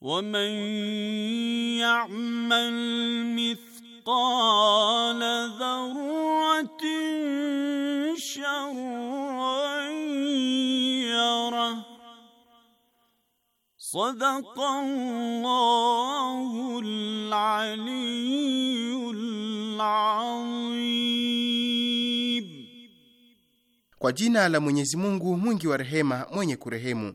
ومن يعمل مثقال ذره شرا يره صدق الله العلي العظيم Kwa jina la Mwenyezi Mungu mwingi wa rehema mwenye kurehemu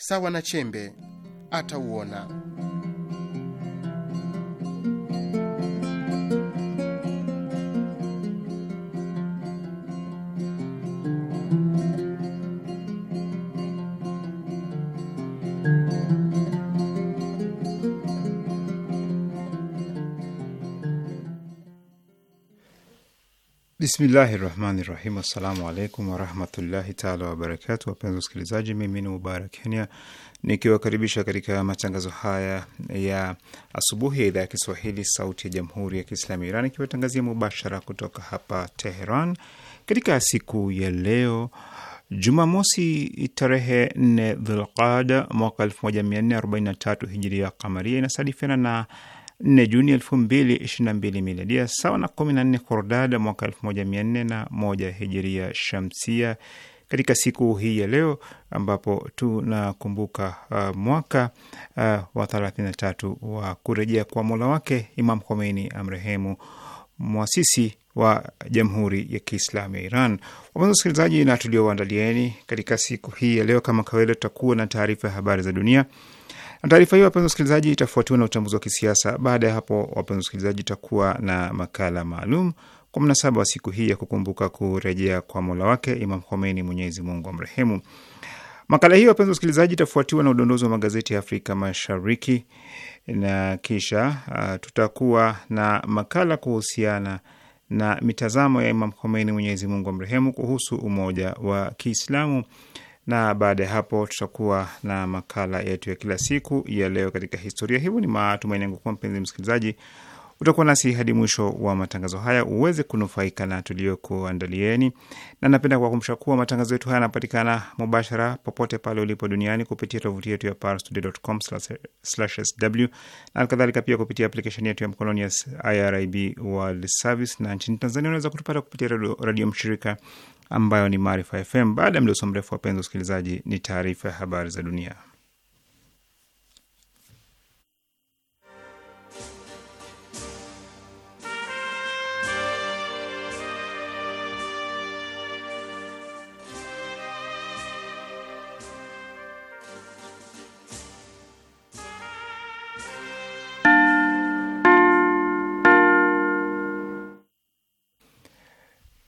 sawa na chembe atauona. Bismillahi rahmani rahim. Assalamu alaikum warahmatullahi taala wabarakatu. Wapenzi wasikilizaji, mimi ni Mubarak Kenya nikiwakaribisha katika matangazo haya ya asubuhi ya idhaa ya Kiswahili sauti ya jamhuri ya Kiislamu ya Iran ikiwatangazia mubashara kutoka hapa Teheran katika siku ya leo Jumamosi tarehe nne Dhulqada mwaka tatu hijiria kamaria inasadifiana na 4 Juni 2022 miladia, sawa na 14 Kordada mwaka 1401 hijiria shamsia. Katika siku hii ya leo ambapo tunakumbuka uh, mwaka uh, wa 33 wa kurejea kwa mola wake Imam Khomeini amrehemu, mwasisi wa Jamhuri ya Kiislamu ya Iran. Wapenzi wasikilizaji, na tuliowaandalieni katika siku hii ya leo, kama kawaida, tutakuwa na taarifa ya habari za dunia taarifa hiyo, wapenzi wasikilizaji, itafuatiwa na uchambuzi wa kisiasa. Baada ya hapo, wapenzi wasikilizaji, itakuwa na makala maalum kwa mnasaba wa siku hii ya kukumbuka kurejea kwa mola wake Imam Khomeini, Mwenyezi Mungu amrehemu. Makala hiyo, wapenzi wasikilizaji, itafuatiwa na udondozi wa magazeti ya Afrika Mashariki na kisha uh, tutakuwa na makala kuhusiana na mitazamo ya Imam Khomeini, Mwenyezi Mungu amrehemu, kuhusu umoja wa Kiislamu na baada ya hapo tutakuwa na makala yetu ya kila siku ya leo katika historia. Hivyo ni matumaini yangu kuwa mpenzi msikilizaji utakuwa nasi hadi mwisho wa matangazo haya uweze kunufaika na tuliokuandalieni, na napenda kuwakumbusha kuwa matangazo yetu haya yanapatikana mubashara popote pale ulipo duniani kupitia tovuti yetu ya parstoday.com/sw na kadhalika, pia kupitia aplikesheni yetu ya mkononi ya IRIB World Service, na nchini Tanzania unaweza kutupata kupitia radio, radio mshirika ambayo ni Maarifa FM. Baada ya mdoso mrefu, wapenzi wasikilizaji, ni taarifa ya habari za dunia.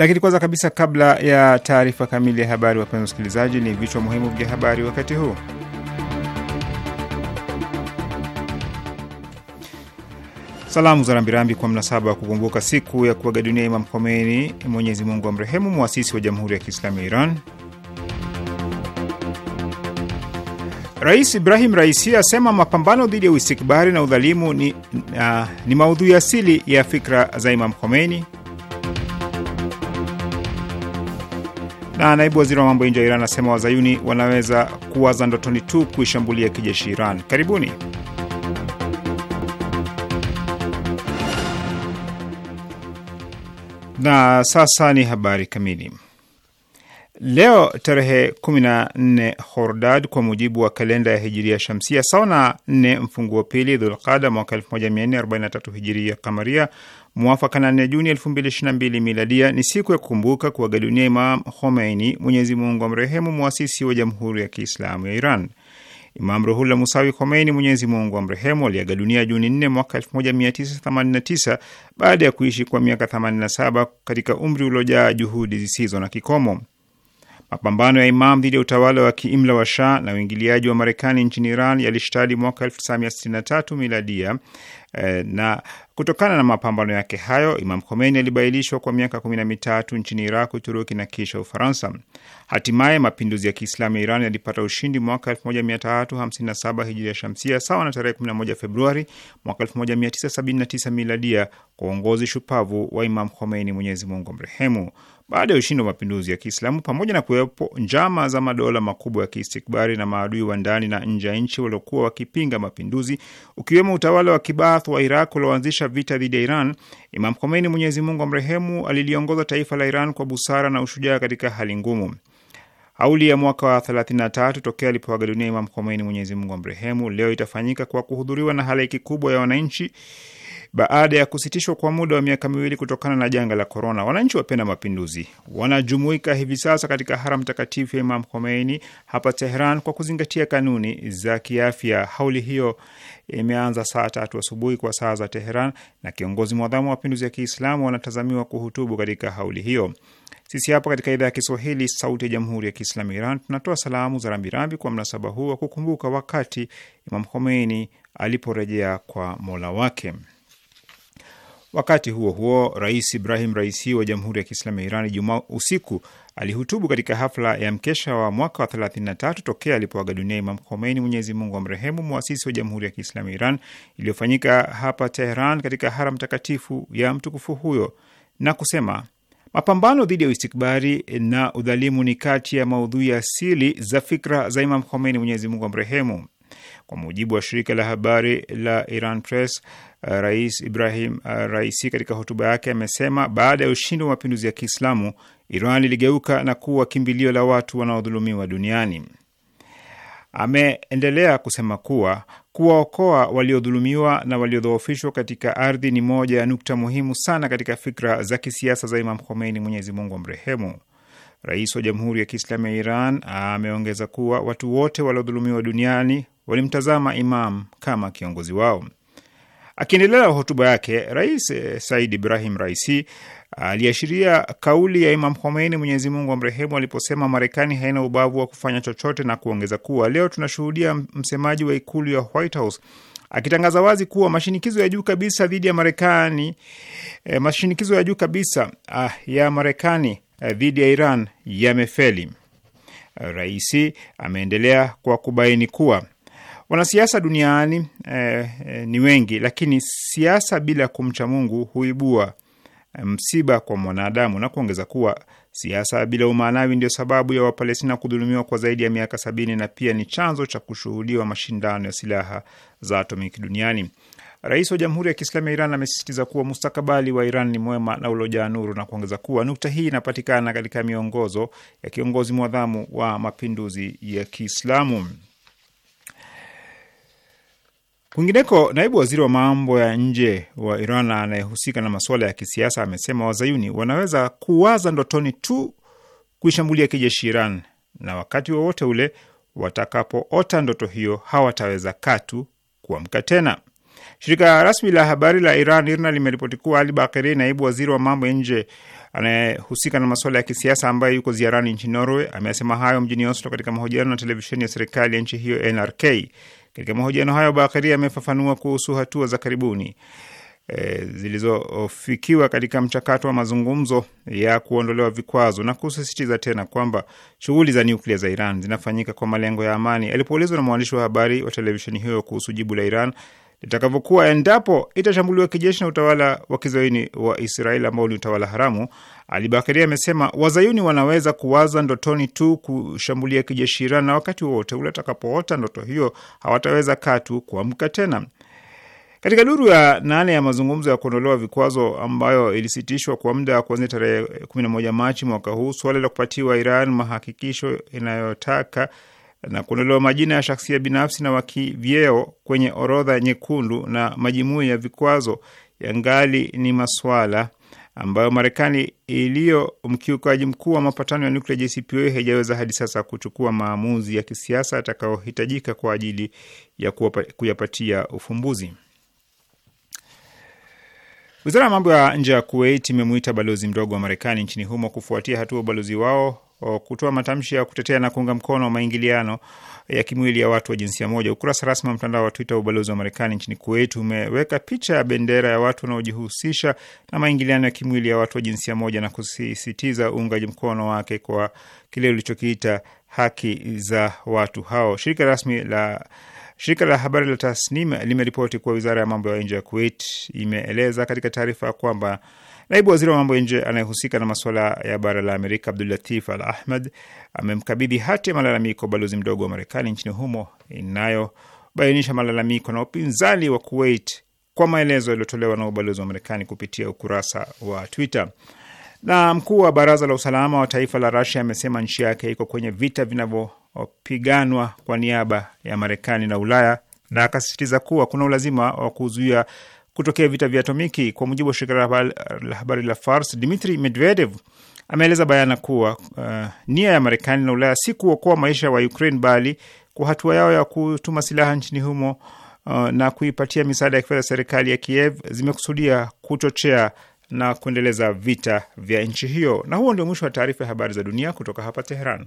Lakini kwanza kabisa, kabla ya taarifa kamili ya habari, wapenzi wasikilizaji, ni vichwa muhimu vya habari wakati huu. Salamu za rambirambi kwa mnasaba wa kukumbuka siku ya kuaga dunia Imam Khomeini, Mwenyezi Mungu wa mrehemu, mwasisi wa Jamhuri ya Kiislamu ya Iran. Rais Ibrahim Raisi asema mapambano dhidi ya uistikbari na udhalimu ni, uh, ni maudhui asili ya fikra za Imam Khomeini. Na naibu waziri wa mambo ya nje wa Iran anasema wazayuni wanaweza kuwa za ndotoni tu kuishambulia kijeshi Iran. Karibuni. Na sasa ni habari kamili. Leo tarehe 14 Hordad kwa mujibu wa kalenda ya hijiria shamsia, sawa na 4 mfunguo pili Dhulqada mwaka 1443 hijiria kamaria, mwafaka na 4 Juni 2022 miladia, ni siku ya kukumbuka kuaga dunia Imam Khomeini, Mwenyezi Mungu amrehemu, mwasisi wa Jamhuri ya Kiislamu ya Iran. Imam Ruhullah Musawi Khomeini, Mwenyezi Mungu amrehemu, aliaga dunia Juni 4 mwaka 1989 baada ya kuishi kwa miaka 87 katika umri uliojaa juhudi zisizo na kikomo. Mapambano ya Imam dhidi ya utawala wa kiimla wa Shah na uingiliaji wa Marekani nchini Iran yalishtadi mwaka 1963 miladia E, na kutokana na mapambano yake hayo, Imam Khomeini alibailishwa kwa miaka kumi na mitatu nchini Iraq, Uturuki na kisha Ufaransa. Hatimaye mapinduzi ya Kiislamu ya Iran yalipata ushindi mwaka 1357 Hijria Shamsia, sawa na tarehe 11 Februari mwaka 1979 Miladia, kwa uongozi shupavu wa Imam Khomeini, Mwenyezi Mungu mrehemu baada ya ushindi wa mapinduzi ya Kiislamu, pamoja na kuwepo njama za madola makubwa ya kiistikbari na maadui wa ndani na nje ya nchi waliokuwa wakipinga mapinduzi, ukiwemo utawala wa Kibath wa Iraq ulioanzisha vita dhidi ya Iran, Imam Khomeini, Mwenyezi Mungu amrehemu, aliliongoza taifa la Iran kwa busara na ushujaa katika hali ngumu. auli ya mwaka wa 33 tokea alipoaga dunia Imam Khomeini, Mwenyezi Mungu amrehemu, leo itafanyika kwa kuhudhuriwa na halaiki kubwa ya wananchi baada ya kusitishwa kwa muda wa miaka miwili kutokana na janga la korona. Wananchi wapenda mapinduzi wanajumuika hivi sasa katika haram takatifu ya Imam Khomeini hapa Tehran kwa kuzingatia kanuni za kiafya. Hauli hiyo imeanza saa tatu asubuhi kwa saa za Teheran, na kiongozi mwadhamu wa mapinduzi ya Kiislamu wanatazamiwa kuhutubu katika hauli hiyo. Sisi hapa katika idhaa ya Kiswahili, Sauti ya Jamhuri ya Kiislamu Iran, tunatoa salamu za rambirambi kwa mnasaba huu wa kukumbuka wakati Imam Khomeini aliporejea kwa mola wake. Wakati huo huo, Rais Ibrahim Raisi wa Jamhuri ya Kiislamu ya Iran jumaa usiku alihutubu katika hafla ya mkesha wa mwaka wa 33 tokea alipoaga dunia Imam Khomeini, Mwenyezi Mungu wa mrehemu, mwasisi wa Jamhuri ya Kiislamu ya Iran, iliyofanyika hapa Teheran katika haram takatifu ya mtukufu huyo na kusema mapambano dhidi ya uistikbari na udhalimu ni kati ya maudhui asili za fikra za Imam Khomeini, Mwenyezi Mungu wa mrehemu. Kwa mujibu wa shirika la habari la Iran Press, Eh, Rais Ibrahim eh, Raisi katika hotuba yake amesema baada ya ushindi wa mapinduzi ya Kiislamu, Iran iligeuka na kuwa kimbilio la watu wanaodhulumiwa duniani. Ameendelea kusema kuwa kuwaokoa waliodhulumiwa na waliodhoofishwa katika ardhi ni moja ya nukta muhimu sana katika fikra za kisiasa za Imam Khomeini, Mwenyezi Mungu amrehemu. Rais wa Jamhuri ya Kiislamu ya Iran ah, ameongeza kuwa watu wote waliodhulumiwa duniani walimtazama Imam kama kiongozi wao. Akiendelea hotuba yake, Rais eh, Said Ibrahim Raisi aliashiria kauli ya Imam Khomeini, Mwenyezi Mungu amrehemu, aliposema Marekani haina ubavu wa kufanya chochote na kuongeza kuwa leo tunashuhudia msemaji wa ikulu ya White House akitangaza wazi kuwa mashinikizo ya juu kabisa dhidi ya Marekani e, mashinikizo ya juu kabisa ah, ya Marekani eh, dhidi ya Iran yamefeli. Raisi ameendelea kwa kubaini kuwa Wanasiasa duniani e, e, ni wengi, lakini siasa bila kumcha Mungu huibua eh, msiba kwa mwanadamu na kuongeza kuwa siasa bila umaanawi ndio sababu ya Wapalestina kudhulumiwa kwa zaidi ya miaka sabini na pia ni chanzo cha kushuhudiwa mashindano ya silaha za atomiki duniani. Rais wa Jamhuri ya Kiislamu ya Iran amesisitiza kuwa mustakabali wa Iran ni mwema na uliojaa nuru na kuongeza kuwa nukta hii inapatikana katika miongozo ya kiongozi mwadhamu wa mapinduzi ya Kiislamu. Kwingineko, naibu waziri wa mambo ya nje wa Iran anayehusika na masuala ya kisiasa amesema wazayuni wanaweza kuwaza ndotoni tu kuishambulia kijeshi Iran, na wakati wowote wa ule watakapoota ndoto hiyo hawataweza katu kuamka tena. Shirika rasmi la habari la Iran IRNA limeripoti kuwa Ali Bakeri, naibu waziri wa mambo ya nje anayehusika na masuala ya kisiasa, ambaye yuko ziarani nchini Norway, amesema hayo mjini Oslo katika mahojiano na televisheni ya serikali ya nchi hiyo NRK. Katika mahojiano hayo, Bakari amefafanua kuhusu hatua za karibuni e, zilizofikiwa katika mchakato wa mazungumzo ya kuondolewa vikwazo na kusisitiza tena kwamba shughuli za nyuklia za Iran zinafanyika kwa malengo ya amani. Alipoulizwa na mwandishi wa habari wa televisheni hiyo kuhusu jibu la Iran litakavyokuwa endapo itashambuliwa kijeshi na utawala wa kizoini wa Israeli ambao ni utawala haramu. Ali amesema wazayuni wanaweza kuwaza ndotoni tu kushambulia kijeshi Iran, na wakati wowote ule atakapoota ndoto hiyo hawataweza katu kuamka tena. Katika duru ya nane ya mazungumzo ya kuondolewa vikwazo ambayo ilisitishwa kwa muda kuanzia tarehe 11 Machi mwaka huu, suala la kupatiwa Iran mahakikisho inayotaka na kuondolewa majina ya shaksia binafsi na wakivyeo kwenye orodha nyekundu na majimui ya vikwazo yangali ni maswala ambayo Marekani iliyo mkiukaji mkuu wa mapatano ya nuklia JCPOA haijaweza hadi sasa kuchukua maamuzi ya kisiasa yatakayohitajika kwa ajili ya kuyapatia ufumbuzi. Wizara ya mambo ya nje ya Kuwait imemuita balozi mdogo wa Marekani nchini humo kufuatia hatua ubalozi wao kutoa matamshi ya kutetea na kuunga mkono maingiliano ya kimwili ya watu wa jinsia moja. Ukurasa rasmi wa mtandao wa Twitter wa ubalozi wa Marekani nchini Kuwait umeweka picha ya bendera ya watu wanaojihusisha na maingiliano ya kimwili ya watu wa jinsia moja na kusisitiza uungaji mkono wake kwa kile ulichokiita haki za watu hao. Shirika rasmi la shirika la habari la Tasnim limeripoti kuwa wizara ya mambo ya nje ya Kuwait imeeleza katika taarifa kwamba Naibu waziri wa mambo ya nje anayehusika na masuala ya bara la Amerika Abdulatif Al Ahmed amemkabidhi hati ya malalamiko balozi mdogo wa Marekani nchini humo inayobainisha malalamiko na upinzani wa Kuwait kwa maelezo yaliyotolewa na ubalozi wa Marekani kupitia ukurasa wa Twitter. Na mkuu wa baraza la usalama wa taifa la Rasia amesema nchi yake iko kwenye vita vinavyopiganwa kwa niaba ya Marekani na Ulaya na akasisitiza kuwa kuna ulazima wa kuzuia kutokea vita vya atomiki. Kwa mujibu wa shirika la habari la Fars, Dmitri Medvedev ameeleza bayana kuwa uh, nia ya Marekani na Ulaya si kuokoa maisha wa Ukraine bali kwa hatua yao ya kutuma silaha nchini humo uh, na kuipatia misaada ya kifedha serikali ya Kiev zimekusudia kuchochea na kuendeleza vita vya nchi hiyo. Na huo ndio mwisho wa taarifa ya habari za dunia kutoka hapa Teheran.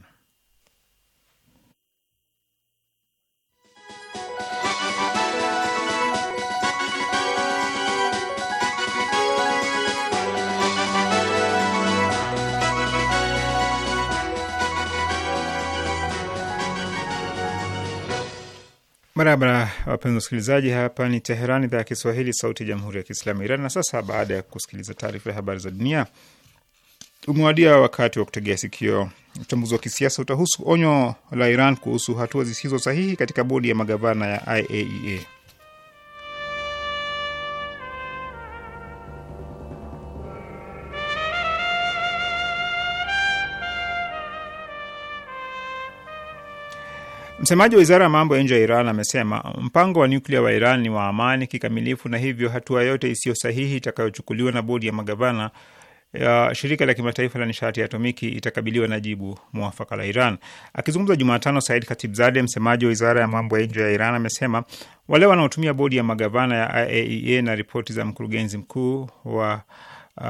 Barabara wapenzi wasikilizaji, hapa ni Teherani, idhaa ya Kiswahili, sauti ya jamhuri ya kiislamu ya Iran. Na sasa baada ya kusikiliza taarifa ya habari za dunia, umewadia wakati wa kutegea sikio. Uchambuzi wa kisiasa utahusu onyo la Iran kuhusu hatua zisizo sahihi katika bodi ya magavana ya IAEA. E Msemaji wa wizara ya mambo ya nje ya Iran amesema mpango wa nyuklia wa Iran ni wa amani kikamilifu, na hivyo hatua yote isiyo sahihi itakayochukuliwa na bodi ya magavana ya shirika la kimataifa la nishati ya atomiki itakabiliwa na jibu mwafaka la Iran. Akizungumza Jumatano, Said Khatibzade, msemaji wa wizara ya mambo ya nje ya Iran, amesema wale wanaotumia bodi ya magavana ya IAEA e na ripoti za mkurugenzi mkuu wa uh,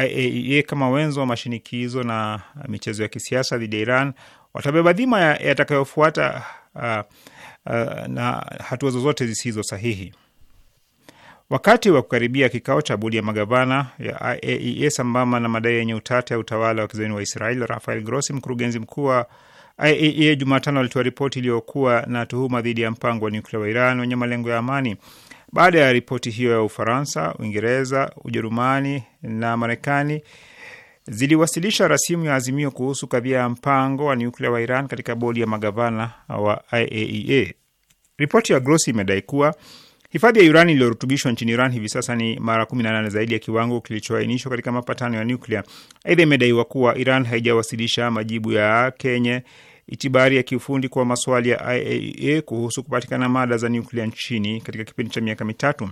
IAEA e kama wenzo wa mashinikizo na michezo ya kisiasa dhidi ya Iran watabeba dhima yatakayofuata ya uh, uh, na hatua zozote zisizo sahihi. Wakati wa kukaribia kikao cha bodi ya magavana ya IAEA e sambamba na madai yenye utata ya utawala wa kizayuni wa israel Rafael Grossi, mkurugenzi mkuu wa IAEA, e Jumatano alitoa ripoti iliyokuwa na tuhuma dhidi ya mpango wa nyuklia wa Iran wenye malengo ya amani. Baada ya ripoti hiyo ya Ufaransa, Uingereza, Ujerumani na Marekani ziliwasilisha rasimu ya azimio kuhusu kadhia ya mpango wa nyuklia wa Iran katika bodi ya magavana wa IAEA. E Ripoti ya Grossi imedai kuwa hifadhi ya urani iliyorutubishwa nchini Iran hivi sasa ni mara 18 zaidi ya kiwango kilichoainishwa katika mapatano ya nyuklia. Aidha, imedaiwa kuwa Iran haijawasilisha majibu ya kenye itibari ya kiufundi kwa maswali ya IAEA e kuhusu kupatikana mada za nyuklia nchini katika kipindi cha miaka mitatu.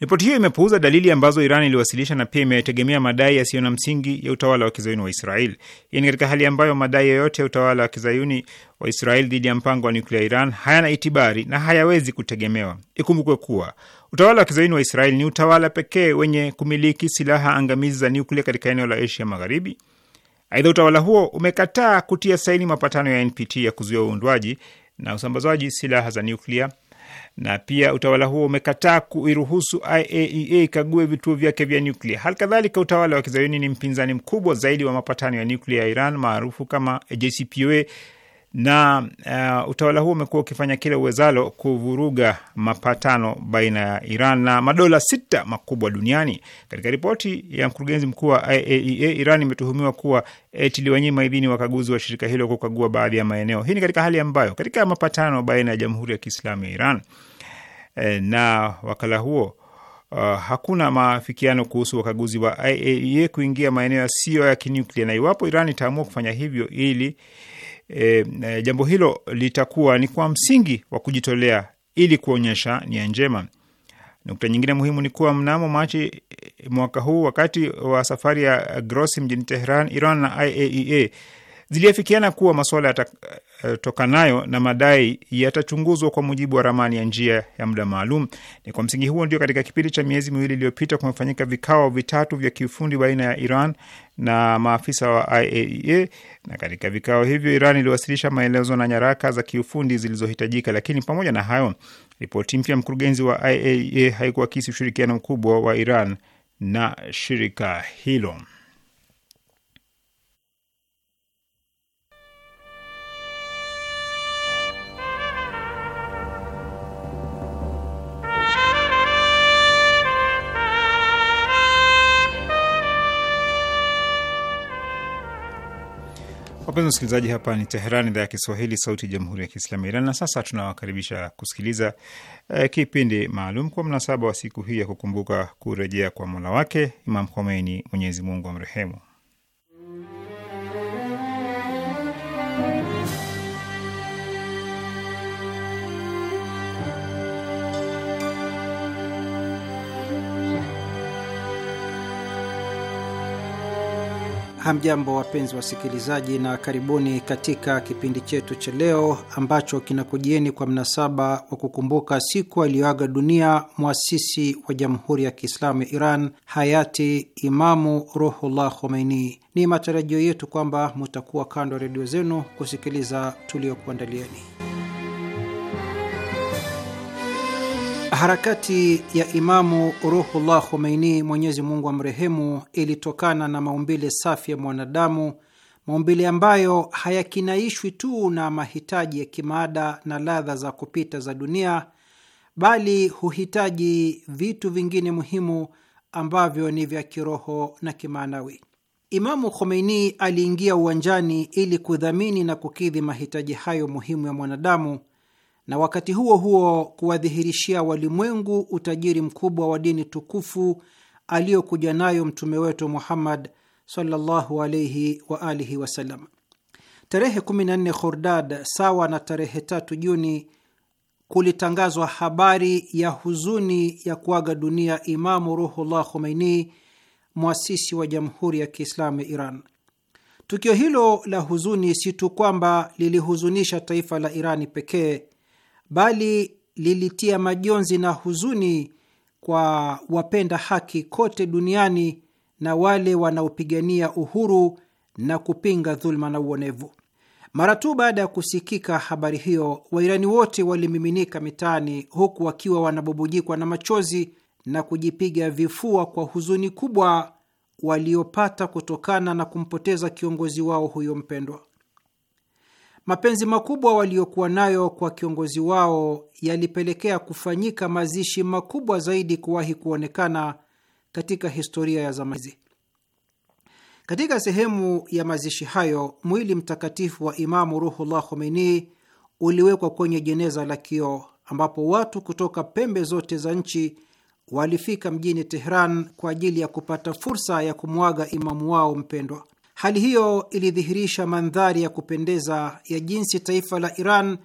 Ripoti hiyo imepuuza dalili ambazo Iran iliwasilisha na pia imetegemea madai yasiyo na msingi ya utawala wa kizayuni wa Israel. Hii ni katika hali ambayo madai yoyote ya utawala wa kizayuni wa Israel dhidi ya mpango wa nuklia Iran hayana itibari na hayawezi kutegemewa. Ikumbukwe kuwa utawala wa kizayuni wa Israel ni utawala pekee wenye kumiliki silaha angamizi za nuklia katika eneo la Asia Magharibi. Aidha, utawala huo umekataa kutia saini mapatano ya NPT ya kuzuia uundwaji na usambazwaji silaha za nuklia na pia utawala huo umekataa kuiruhusu IAEA e ikague vituo vyake vya nyuklia. Hali kadhalika utawala wa kizayuni ni mpinzani mkubwa zaidi wa mapatano ya nyuklia ya Iran maarufu kama JCPOA na uh, utawala huo umekuwa ukifanya kile uwezalo kuvuruga mapatano baina ya Iran na madola sita makubwa duniani. Katika ripoti ya mkurugenzi mkuu wa IAEA, e Iran imetuhumiwa kuwa eti iliwanyima idhini wakaguzi wa shirika hilo kukagua baadhi ya maeneo. Hii ni katika hali ambayo katika mapatano baina ya Jamhuri ya Kiislamu ya Iran Eh, na wakala huo. Uh, hakuna maafikiano kuhusu wakaguzi wa IAEA e kuingia maeneo yasiyo ya kinuklia, na iwapo Iran itaamua kufanya hivyo ili e, jambo hilo litakuwa ni kwa msingi wa kujitolea ili kuonyesha nia njema. Nukta nyingine muhimu ni kuwa mnamo Machi mwaka huu, wakati wa safari ya Grossi mjini Tehran, Iran na IAEA e, ziliafikiana kuwa masuala yatatokanayo eh, na madai yatachunguzwa kwa mujibu wa ramani ya njia ya muda maalum. Ni kwa msingi huo ndio katika kipindi cha miezi miwili iliyopita kumefanyika vikao vitatu vya kiufundi baina ya Iran na maafisa wa IAEA, e, na katika vikao hivyo Iran iliwasilisha maelezo na nyaraka za kiufundi zilizohitajika. Lakini pamoja na hayo, ripoti mpya mkurugenzi wa IAEA e haikuakisi ushirikiano mkubwa wa Iran na shirika hilo. Wapenzi wasikilizaji, hapa ni Teherani, idhaa ya Kiswahili, sauti ya jamhuri ya kiislamu ya Iran. Na sasa tunawakaribisha kusikiliza eh, kipindi maalum kwa mnasaba wa siku hii ya kukumbuka kurejea kwa mola wake Imam Khomeini, Mwenyezi Mungu amrehemu. Hamjambo, wapenzi wasikilizaji, na karibuni katika kipindi chetu cha leo ambacho kinakujieni kwa mnasaba wa kukumbuka siku aliyoaga dunia mwasisi wa Jamhuri ya Kiislamu ya Iran, hayati Imamu Ruhullah Khomeini. Ni matarajio yetu kwamba mutakuwa kando ya redio zenu kusikiliza tuliokuandalieni. Harakati ya Imamu Ruhullah Khomeini, Mwenyezi Mungu amrehemu, ilitokana na maumbile safi ya mwanadamu, maumbile ambayo hayakinaishwi tu na mahitaji ya kimaada na ladha za kupita za dunia, bali huhitaji vitu vingine muhimu ambavyo ni vya kiroho na kimaanawi. Imamu Khomeini aliingia uwanjani ili kudhamini na kukidhi mahitaji hayo muhimu ya mwanadamu na wakati huo huo kuwadhihirishia walimwengu utajiri mkubwa wa dini tukufu aliyokuja nayo mtume wetu Muhammad sallallahu wa alihi wasallam. Tarehe 14 Khordad sawa na tarehe tatu Juni kulitangazwa habari ya huzuni ya kuaga dunia Imamu Ruhullah Khomeini, mwasisi wa Jamhuri ya Kiislamu ya Iran. Tukio hilo la huzuni si tu kwamba lilihuzunisha taifa la Irani pekee, bali lilitia majonzi na huzuni kwa wapenda haki kote duniani na wale wanaopigania uhuru na kupinga dhuluma na uonevu. Mara tu baada ya kusikika habari hiyo, Wairani wote walimiminika mitaani, huku wakiwa wanabubujikwa na machozi na kujipiga vifua kwa huzuni kubwa waliopata kutokana na kumpoteza kiongozi wao huyo mpendwa. Mapenzi makubwa waliokuwa nayo kwa kiongozi wao yalipelekea kufanyika mazishi makubwa zaidi kuwahi kuonekana katika historia ya zama hizi. Katika sehemu ya mazishi hayo, mwili mtakatifu wa Imamu Ruhullah Khomeini uliwekwa kwenye jeneza la kioo ambapo watu kutoka pembe zote za nchi walifika mjini Tehran kwa ajili ya kupata fursa ya kumwaga imamu wao mpendwa. Hali hiyo ilidhihirisha mandhari ya kupendeza ya jinsi taifa la Iran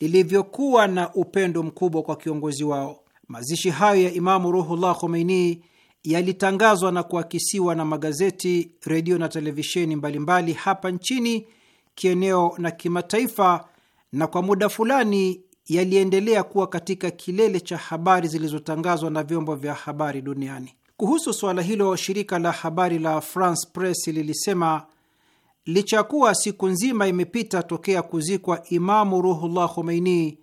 lilivyokuwa na upendo mkubwa kwa kiongozi wao. Mazishi hayo ya Imamu Ruhullah Khomeini yalitangazwa na kuakisiwa na magazeti, redio na televisheni mbalimbali hapa nchini, kieneo na kimataifa, na kwa muda fulani yaliendelea kuwa katika kilele cha habari zilizotangazwa na vyombo vya habari duniani. Kuhusu suala hilo, shirika la habari la France Press lilisema licha kuwa siku nzima imepita tokea kuzikwa Imamu Ruhullah Khomeini,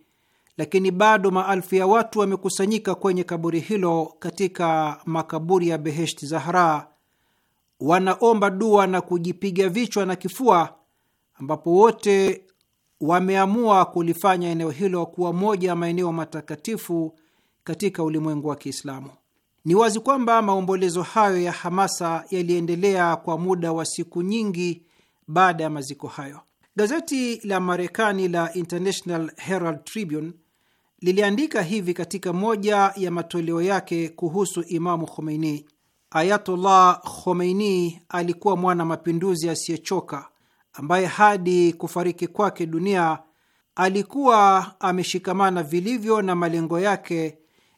lakini bado maelfu ya watu wamekusanyika kwenye kaburi hilo katika makaburi ya Beheshti Zahra, wanaomba dua na kujipiga vichwa na kifua, ambapo wote wameamua kulifanya eneo hilo kuwa moja ya maeneo matakatifu katika ulimwengu wa Kiislamu. Ni wazi kwamba maombolezo hayo ya hamasa yaliendelea kwa muda wa siku nyingi baada ya maziko hayo. Gazeti la Marekani la International Herald Tribune liliandika hivi katika moja ya matoleo yake kuhusu Imamu Khomeini: Ayatollah Khomeini alikuwa mwana mapinduzi asiyechoka ambaye hadi kufariki kwake dunia alikuwa ameshikamana vilivyo na malengo yake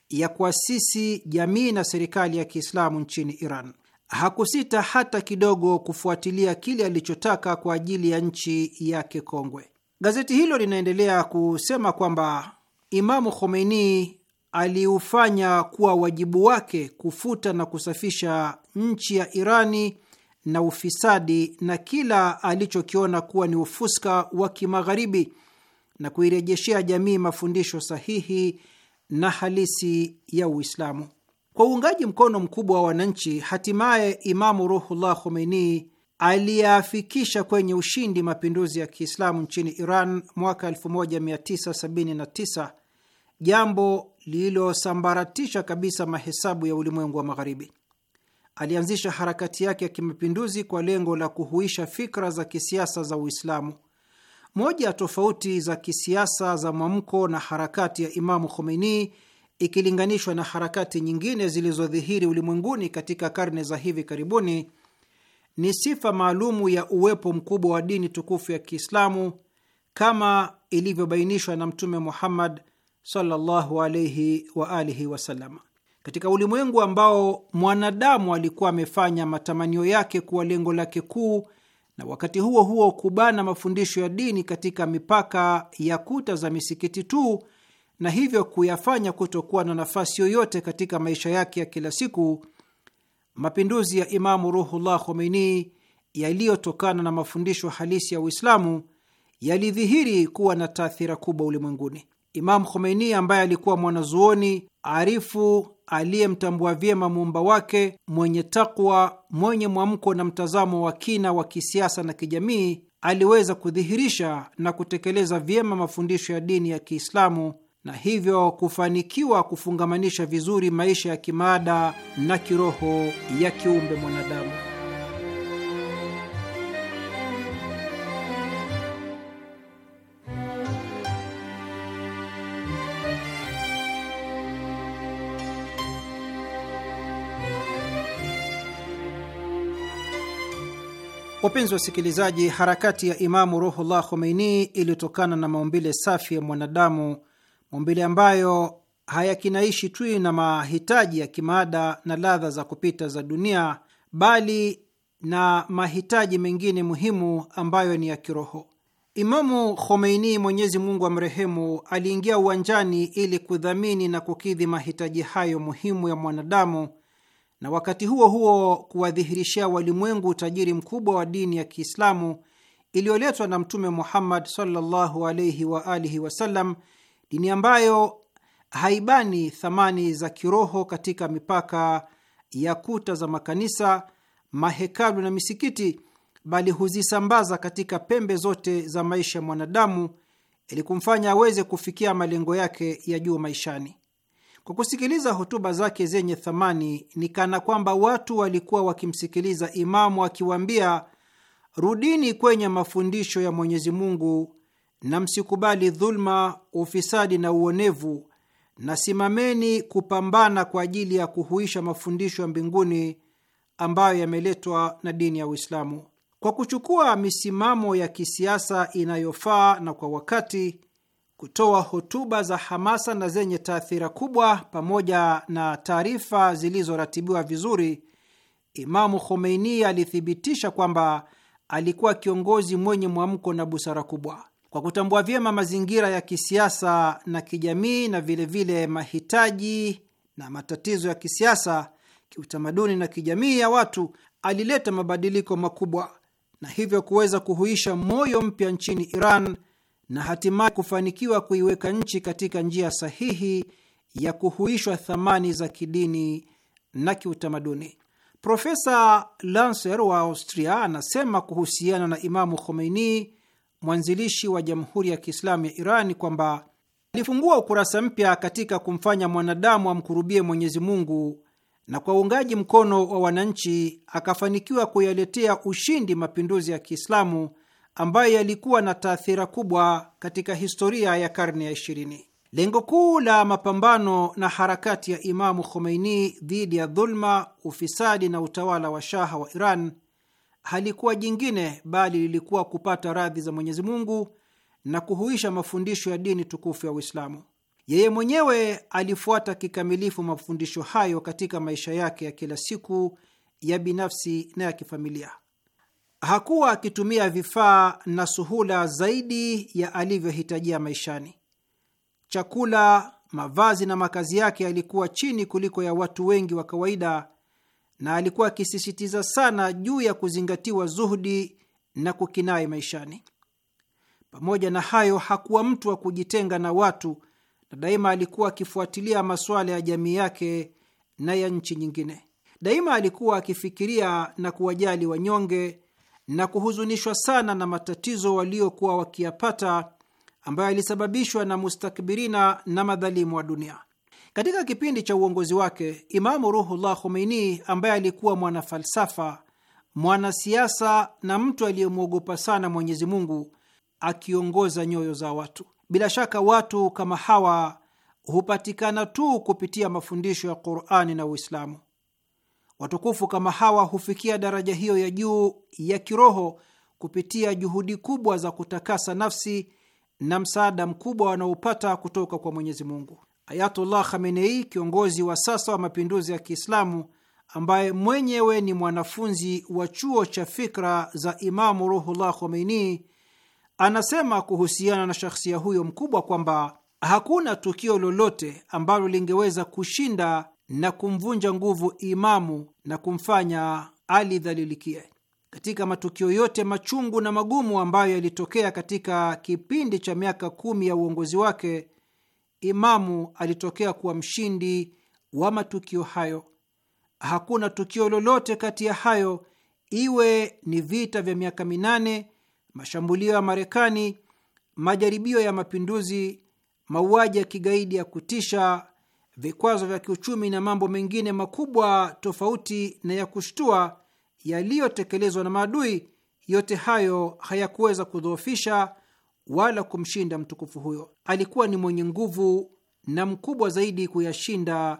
ya kuasisi jamii na serikali ya Kiislamu nchini Iran. Hakusita hata kidogo kufuatilia kile alichotaka kwa ajili ya nchi yake kongwe. Gazeti hilo linaendelea kusema kwamba Imamu Khomeini aliufanya kuwa wajibu wake kufuta na kusafisha nchi ya Irani na ufisadi na kila alichokiona kuwa ni ufuska wa kimagharibi na kuirejeshea jamii mafundisho sahihi na halisi ya Uislamu. Kwa uungaji mkono mkubwa wa wananchi, hatimaye Imamu Ruhullah Khomeini aliyeafikisha kwenye ushindi mapinduzi ya Kiislamu nchini Iran mwaka 1979, jambo lililosambaratisha kabisa mahesabu ya ulimwengu wa Magharibi. Alianzisha harakati yake ya kimapinduzi kwa lengo la kuhuisha fikra za kisiasa za Uislamu moja ya tofauti za kisiasa za mwamko na harakati ya Imamu Khomeini ikilinganishwa na harakati nyingine zilizodhihiri ulimwenguni katika karne za hivi karibuni ni sifa maalumu ya uwepo mkubwa wa dini tukufu ya Kiislamu kama ilivyobainishwa na Mtume Muhammad sallallahu alaihi wa alihi wasallam. Katika ulimwengu ambao mwanadamu alikuwa amefanya matamanio yake kuwa lengo lake kuu na wakati huo huo kubana mafundisho ya dini katika mipaka ya kuta za misikiti tu na hivyo kuyafanya kutokuwa na nafasi yoyote katika maisha yake ya kila siku. Mapinduzi ya Imamu Ruhullah Khomeini yaliyotokana na mafundisho halisi ya Uislamu yalidhihiri kuwa na taathira kubwa ulimwenguni. Imamu Khomeini ambaye alikuwa mwanazuoni arifu aliyemtambua vyema muumba wake, mwenye takwa, mwenye mwamko na mtazamo wa kina wa kisiasa na kijamii, aliweza kudhihirisha na kutekeleza vyema mafundisho ya dini ya Kiislamu na hivyo kufanikiwa kufungamanisha vizuri maisha ya kimaada na kiroho ya kiumbe mwanadamu. Wapenzi wasikilizaji, harakati ya Imamu Ruhullah Khomeini ilitokana na maumbile safi ya mwanadamu, maumbile ambayo hayakinaishi tu na mahitaji ya kimaada na ladha za kupita za dunia, bali na mahitaji mengine muhimu ambayo ni ya kiroho. Imamu Khomeini, Mwenyezi Mungu wa mrehemu aliingia uwanjani ili kudhamini na kukidhi mahitaji hayo muhimu ya mwanadamu na wakati huo huo kuwadhihirishia walimwengu utajiri mkubwa wa dini ya Kiislamu iliyoletwa na Mtume Muhammad sallallahu alaihi wa alihi wasallam, dini ambayo haibani thamani za kiroho katika mipaka ya kuta za makanisa, mahekalu na misikiti, bali huzisambaza katika pembe zote za maisha ya mwanadamu ili kumfanya aweze kufikia malengo yake ya juu maishani. Kwa kusikiliza hotuba zake zenye thamani, ni kana kwamba watu walikuwa wakimsikiliza imamu akiwaambia, rudini kwenye mafundisho ya Mwenyezi Mungu na msikubali dhulma, ufisadi na uonevu, na simameni kupambana kwa ajili ya kuhuisha mafundisho ya mbinguni ambayo yameletwa na dini ya Uislamu. Kwa kuchukua misimamo ya kisiasa inayofaa na kwa wakati kutoa hotuba za hamasa na zenye taathira kubwa pamoja na taarifa zilizoratibiwa vizuri, Imamu Khomeini alithibitisha kwamba alikuwa kiongozi mwenye mwamko na busara kubwa. Kwa kutambua vyema mazingira ya kisiasa na kijamii na vilevile vile mahitaji na matatizo ya kisiasa, kiutamaduni na kijamii ya watu, alileta mabadiliko makubwa na hivyo kuweza kuhuisha moyo mpya nchini Iran na hatimaye kufanikiwa kuiweka nchi katika njia sahihi ya kuhuishwa thamani za kidini na kiutamaduni. Profesa Lancer wa Austria anasema kuhusiana na Imamu Khomeini, mwanzilishi wa Jamhuri ya Kiislamu ya Iran, kwamba alifungua ukurasa mpya katika kumfanya mwanadamu amkurubie Mwenyezi Mungu, na kwa uungaji mkono wa wananchi akafanikiwa kuyaletea ushindi mapinduzi ya Kiislamu ambayo yalikuwa na taathira kubwa katika historia ya karne ya ishirini. Lengo kuu la mapambano na harakati ya Imamu Khomeini dhidi ya dhulma, ufisadi na utawala wa shaha wa Iran halikuwa jingine bali lilikuwa kupata radhi za Mwenyezi Mungu na kuhuisha mafundisho ya dini tukufu ya Uislamu. Yeye mwenyewe alifuata kikamilifu mafundisho hayo katika maisha yake ya kila siku ya binafsi na ya kifamilia hakuwa akitumia vifaa na suhula zaidi ya alivyohitajia maishani. Chakula, mavazi na makazi yake yalikuwa chini kuliko ya watu wengi wa kawaida, na alikuwa akisisitiza sana juu ya kuzingatiwa zuhudi na kukinai maishani. Pamoja na hayo, hakuwa mtu wa kujitenga na watu, na daima alikuwa akifuatilia masuala ya jamii yake na ya nchi nyingine. Daima alikuwa akifikiria na kuwajali wanyonge na kuhuzunishwa sana na matatizo waliokuwa wakiyapata ambayo yalisababishwa na mustakbirina na madhalimu wa dunia. Katika kipindi cha uongozi wake, Imamu Ruhullah Khomeini, ambaye alikuwa mwanafalsafa, mwanasiasa na mtu aliyemwogopa sana Mwenyezi Mungu, akiongoza nyoyo za watu. Bila shaka watu kama hawa hupatikana tu kupitia mafundisho ya Qurani na Uislamu. Watukufu kama hawa hufikia daraja hiyo ya juu ya kiroho kupitia juhudi kubwa za kutakasa nafsi na msaada mkubwa wanaopata kutoka kwa Mwenyezi Mungu. Ayatullah Khamenei, kiongozi wa sasa wa mapinduzi ya Kiislamu, ambaye mwenyewe ni mwanafunzi wa chuo cha fikra za Imamu Ruhullah Khomeini, anasema kuhusiana na shakhsia huyo mkubwa kwamba hakuna tukio lolote ambalo lingeweza kushinda na kumvunja nguvu imamu na kumfanya alidhalilikie. Katika matukio yote machungu na magumu ambayo yalitokea katika kipindi cha miaka kumi ya uongozi wake, imamu alitokea kuwa mshindi wa matukio hayo. Hakuna tukio lolote kati ya hayo, iwe ni vita vya miaka minane, mashambulio ya Marekani, majaribio ya mapinduzi, mauaji ya kigaidi ya kutisha vikwazo vya kiuchumi na mambo mengine makubwa tofauti na ya kushtua yaliyotekelezwa na maadui, yote hayo hayakuweza kudhoofisha wala kumshinda mtukufu huyo. Alikuwa ni mwenye nguvu na mkubwa zaidi kuyashinda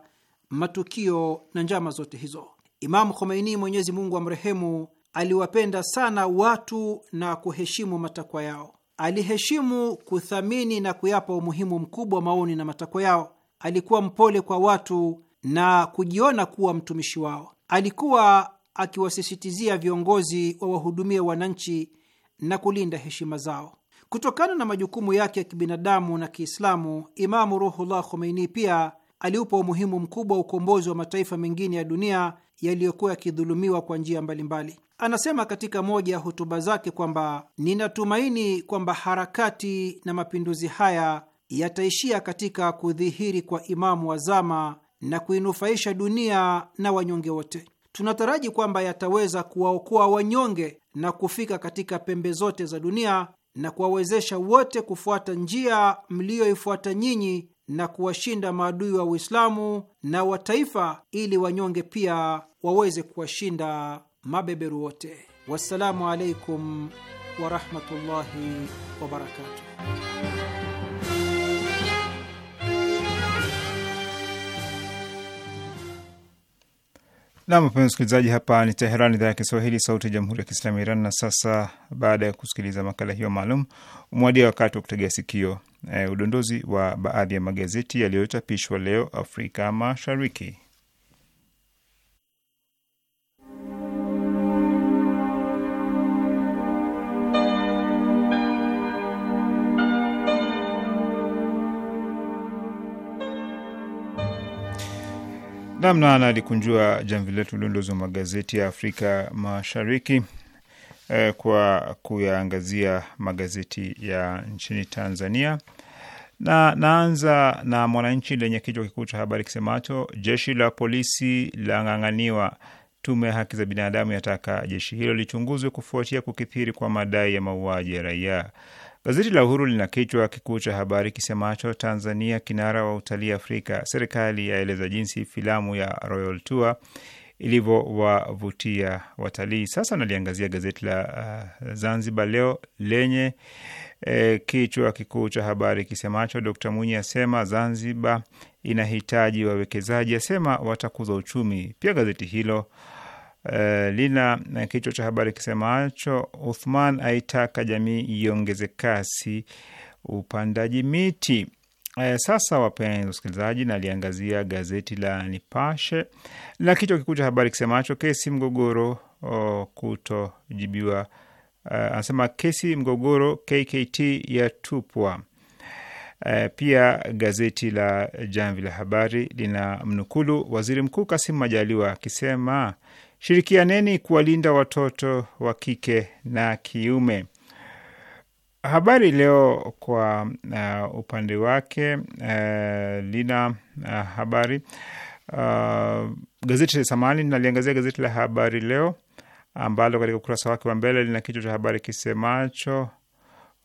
matukio na njama zote hizo. Imamu Khomeini, Mwenyezi Mungu amrehemu, aliwapenda sana watu na kuheshimu matakwa yao. Aliheshimu, kuthamini na kuyapa umuhimu mkubwa maoni na matakwa yao alikuwa mpole kwa watu na kujiona kuwa mtumishi wao. Alikuwa akiwasisitizia viongozi wahudumia wananchi na kulinda heshima zao. Kutokana na majukumu yake ya kibinadamu na Kiislamu, Imamu Ruhullah Khomeini pia aliupa umuhimu mkubwa wa ukombozi wa mataifa mengine ya dunia yaliyokuwa yakidhulumiwa kwa njia mbalimbali. Anasema katika moja ya hotuba zake kwamba, ninatumaini kwamba harakati na mapinduzi haya yataishia katika kudhihiri kwa imamu wa zama na kuinufaisha dunia na wanyonge wote. Tunataraji kwamba yataweza kuwaokoa wanyonge na kufika katika pembe zote za dunia na kuwawezesha wote kufuata njia mliyoifuata nyinyi na kuwashinda maadui wa Uislamu na wataifa, ili wanyonge pia waweze kuwashinda mabeberu wote. Wassalamu alaikum warahmatullahi wabarakatuh. Nam, wapenzi msikilizaji, hapa ni Teheran, idhaa ya Kiswahili, sauti ya jamhuri ya kiislamu ya Iran. Na sasa baada ya kusikiliza makala hiyo maalum, umwadia wakati wa kutegea sikio e, udondozi wa baadhi ya magazeti yaliyochapishwa leo Afrika Mashariki. namna nalikunjua jamvi letu udondozi magazeti ya Afrika Mashariki eh, kwa kuyaangazia magazeti ya nchini Tanzania na naanza na Mwananchi lenye kichwa kikuu cha habari kisemacho jeshi la polisi lang'ang'aniwa. Tume ya haki za binadamu yataka jeshi hilo lichunguzwe kufuatia kukithiri kwa madai ya mauaji ya raia. Gazeti la Uhuru lina kichwa kikuu cha habari kisemacho Tanzania kinara wa utalii Afrika, serikali yaeleza jinsi filamu ya Royal Tour ilivyowavutia watalii. Sasa naliangazia gazeti la uh, Zanzibar Leo lenye eh, kichwa kikuu cha habari kisemacho Dkt Mwinyi asema Zanzibar inahitaji wawekezaji, asema watakuza uchumi. Pia gazeti hilo Eh, lina eh, kichwa cha habari kisemacho Uthman aitaka jamii iongeze kasi upandaji miti. Uh, sasa wapenzi wasikilizaji, naliangazia gazeti la Nipashe na kichwa kikuu cha habari kisemacho kesi mgogoro oh, kutojibiwa. Uh, anasema kesi mgogoro KKT yatupwa. Uh, pia gazeti la Jamvi la Habari lina mnukulu waziri mkuu kasimu Majaliwa akisema Shirikianeni kuwalinda watoto wa kike na kiume. Habari Leo kwa uh, upande wake uh, lina uh, habari uh, gazeti la samani linaliangazia gazeti la Habari Leo ambalo katika ukurasa wake wa mbele lina kichwa cha habari kisemacho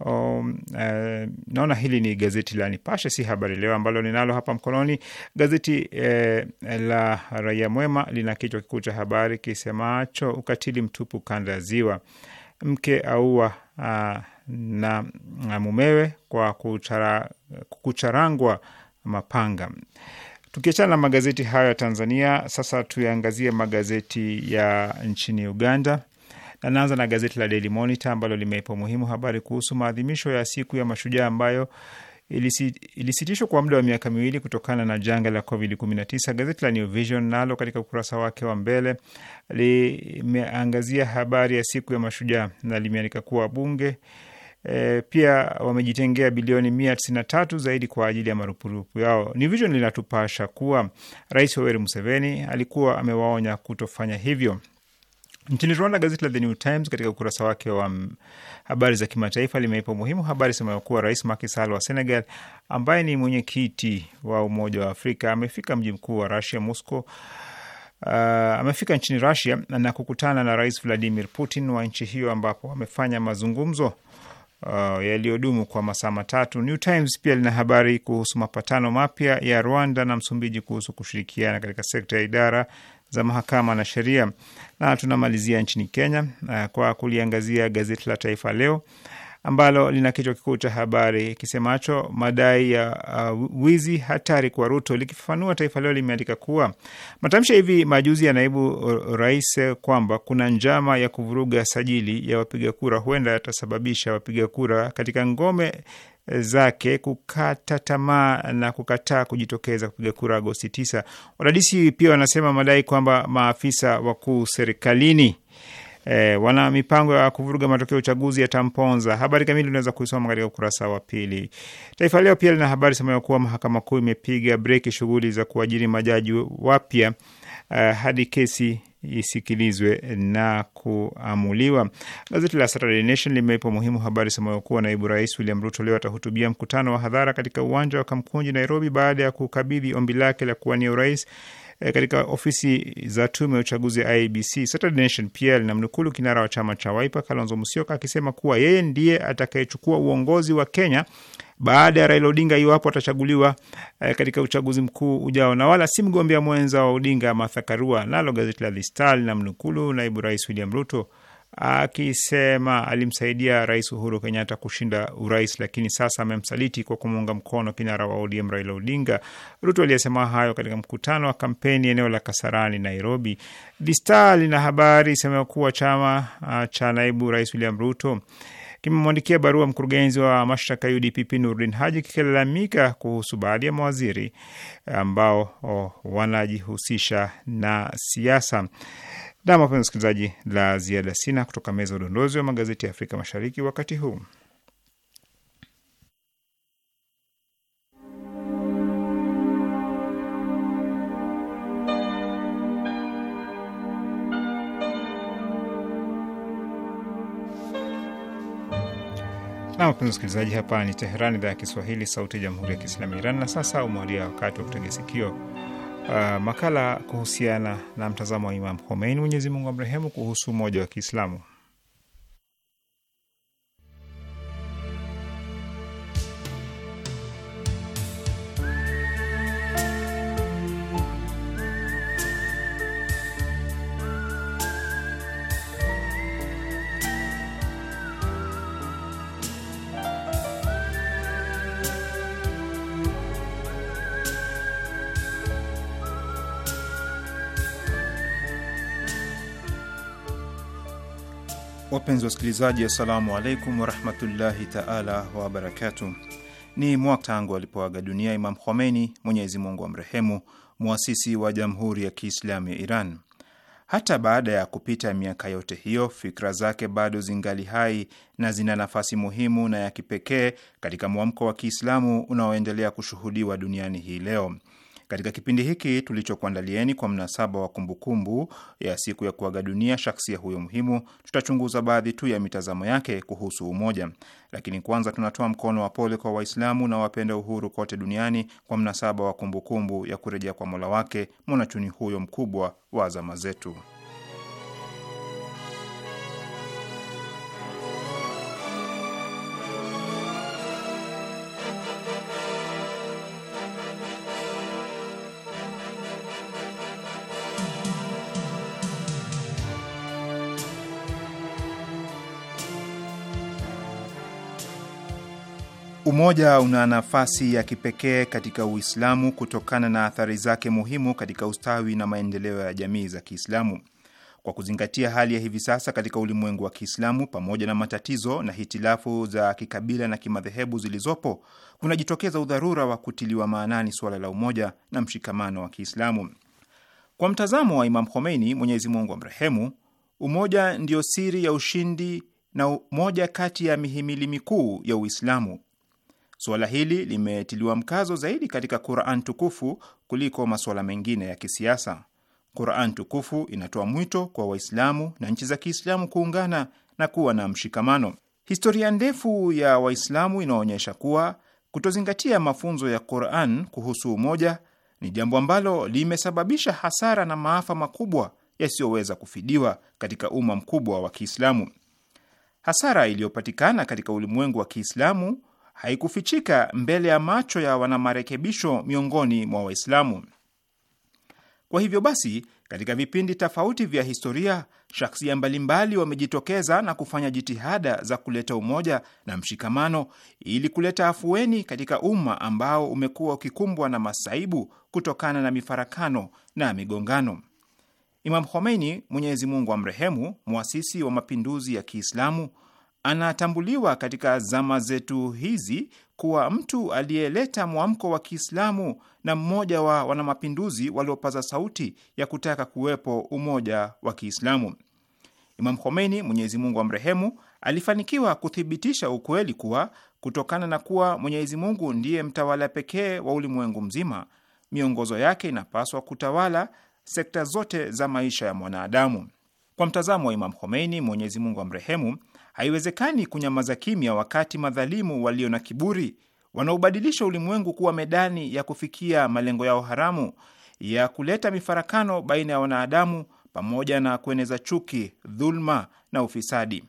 um, eh, naona hili ni gazeti la Nipashe, si Habari Leo ambalo ninalo hapa mkononi. Gazeti eh, la Raia Mwema lina kichwa kikuu cha habari kisemacho ukatili mtupu kanda ya Ziwa, mke aua ah, na, na mumewe kwa kuchara, kucharangwa mapanga. Tukiachana na magazeti hayo ya Tanzania, sasa tuyaangazie magazeti ya nchini Uganda. Naanza na gazeti la Daily Monitor ambalo limeipa umuhimu habari kuhusu maadhimisho ya siku ya mashujaa ambayo ilisitishwa kwa muda wa miaka miwili kutokana na janga la COVID-19. Gazeti la New Vision nalo katika ukurasa wake wa mbele limeangazia habari ya siku ya mashujaa na limeandika kuwa bunge e, pia wamejitengea bilioni 193 zaidi kwa ajili ya marupurupu yao. New Vision linatupasha kuwa Rais Yoweri Museveni alikuwa amewaonya kutofanya hivyo. Nchini Rwanda, gazeti la The New Times katika ukurasa wake wa mm, habari za kimataifa limeipa umuhimu habari sema kuwa Rais Macky Sall wa Senegal, ambaye ni mwenyekiti wa Umoja wa Afrika, amefika mji mkuu wa Rusia, Moscow. Uh, amefika nchini Rusia na kukutana na Rais Vladimir Putin wa nchi hiyo, ambapo amefanya mazungumzo uh, yaliyodumu kwa masaa matatu. New Times pia lina habari kuhusu mapatano mapya ya Rwanda na Msumbiji kuhusu kushirikiana katika sekta ya idara za mahakama na sheria. Na tunamalizia nchini Kenya eh, kwa kuliangazia gazeti la Taifa Leo ambalo lina kichwa kikuu cha habari kisemacho madai ya uh, wizi hatari kwa Ruto. Likifafanua, Taifa Leo limeandika kuwa matamshi hivi majuzi ya naibu uh, rais eh, kwamba kuna njama ya kuvuruga sajili ya wapiga kura huenda yatasababisha wapiga kura katika ngome zake kukata tamaa na kukataa kujitokeza kupiga kura Agosti tisa. Wadadisi pia wanasema madai kwamba maafisa wakuu serikalini e, wana mipango ya kuvuruga matokeo ya uchaguzi yatamponza. Habari kamili unaweza kuisoma katika ukurasa wa pili. Taifa Leo pia lina habari sema kuwa mahakama kuu imepiga breki shughuli za kuajiri majaji wapya, uh, hadi kesi isikilizwe na kuamuliwa. Gazeti la Saturday Nation limeipa umuhimu habari semayo kuwa naibu rais William Ruto leo atahutubia mkutano wa hadhara katika uwanja wa Kamkunji, Nairobi, baada ya kukabidhi ombi lake la kuwania urais eh, katika ofisi za tume ya uchaguzi ya IBC. E Saturday Nation pia linamnukulu kinara wa chama cha Waipa Kalonzo Musyoka akisema kuwa yeye ndiye atakayechukua uongozi wa Kenya baada ya Raila Odinga iwapo atachaguliwa eh, katika uchaguzi mkuu ujao na wala si mgombea mwenza wa Odinga Martha Karua. Nalo gazeti la The Star linamnukulu naibu rais William Ruto akisema alimsaidia Rais Uhuru Kenyatta kushinda urais, lakini sasa amemsaliti kwa kumuunga mkono kinara wa ODM Raila Odinga. Ruto aliyesema hayo katika mkutano wa kampeni eneo la Kasarani, Nairobi. The Star lina habari isemayo kuwa chama ah, cha naibu rais William Ruto kimemwandikia barua mkurugenzi wa mashtaka UDPP Nurdin Haji kikilalamika kuhusu baadhi ya mawaziri ambao oh, wanajihusisha na siasa. Na wapenzi wasikilizaji, la ziada sina kutoka meza udondozi wa magazeti ya Afrika Mashariki wakati huu. wapenzi wasikilizaji, hapa ni Teheran, idhaa ya Kiswahili, sauti ya jamhuri ya kiislamu Iran. Na sasa umewadia wakati wa kutega sikio uh, makala kuhusiana na mtazamo wa Imam Khomeini, Mwenyezi Mungu amrehemu, kuhusu umoja wa Kiislamu. wapenzi wasikilizaji, assalamu alaikum warahmatullahi taala wabarakatu. Ni mwaka tangu alipoaga dunia Imam Khomeini, Mwenyezi Mungu amrehemu, mwasisi wa Jamhuri ya Kiislamu ya Iran. Hata baada ya kupita miaka yote hiyo, fikra zake bado zingali hai na zina nafasi muhimu na ya kipekee katika mwamko wa Kiislamu unaoendelea kushuhudiwa duniani hii leo. Katika kipindi hiki tulichokuandalieni kwa mnasaba wa kumbukumbu ya siku ya kuaga dunia shaksia huyo muhimu, tutachunguza baadhi tu ya mitazamo yake kuhusu umoja. Lakini kwanza tunatoa mkono wa pole kwa Waislamu na wapenda uhuru kote duniani kwa mnasaba wa kumbukumbu ya kurejea kwa Mola wake mwanachuni huyo mkubwa wa azama zetu. Umoja una nafasi ya kipekee katika Uislamu kutokana na athari zake muhimu katika ustawi na maendeleo ya jamii za Kiislamu. Kwa kuzingatia hali ya hivi sasa katika ulimwengu wa Kiislamu, pamoja na matatizo na hitilafu za kikabila na kimadhehebu zilizopo, kunajitokeza udharura wa kutiliwa maanani suala la umoja na mshikamano wa Kiislamu. Kwa mtazamo wa Imam Khomeini, Mwenyezi Mungu amrehemu, umoja ndio siri ya ushindi na moja kati ya mihimili mikuu ya Uislamu. Suala hili limetiliwa mkazo zaidi katika Quran tukufu kuliko masuala mengine ya kisiasa. Quran tukufu inatoa mwito kwa Waislamu na nchi za Kiislamu kuungana na kuwa na mshikamano. Historia ndefu ya Waislamu inaonyesha kuwa kutozingatia mafunzo ya Quran kuhusu umoja ni jambo ambalo limesababisha hasara na maafa makubwa yasiyoweza kufidiwa katika umma mkubwa wa Kiislamu. Hasara iliyopatikana katika ulimwengu wa Kiislamu haikufichika mbele ya macho ya wanamarekebisho miongoni mwa Waislamu. Kwa hivyo basi, katika vipindi tofauti vya historia, shaksia mbalimbali wamejitokeza na kufanya jitihada za kuleta umoja na mshikamano ili kuleta afueni katika umma ambao umekuwa ukikumbwa na masaibu kutokana na mifarakano na migongano. Imam Khomeini, Mwenyezi Mungu amrehemu, mwasisi wa mapinduzi ya Kiislamu, anatambuliwa katika zama zetu hizi kuwa mtu aliyeleta mwamko wa Kiislamu na mmoja wa wanamapinduzi waliopaza sauti ya kutaka kuwepo umoja wa Kiislamu. Imam Khomeini, Mwenyezi Mungu amrehemu, alifanikiwa kuthibitisha ukweli kuwa kutokana na kuwa Mwenyezi Mungu ndiye mtawala pekee wa ulimwengu mzima, miongozo yake inapaswa kutawala sekta zote za maisha ya mwanadamu. Kwa mtazamo wa Imam Khomeini, Mwenyezi Mungu amrehemu, Haiwezekani kunyamaza kimya wakati madhalimu walio na kiburi wanaobadilisha ulimwengu kuwa medani ya kufikia malengo yao haramu ya kuleta mifarakano baina ya wanadamu pamoja na kueneza chuki, dhulma na ufisadi.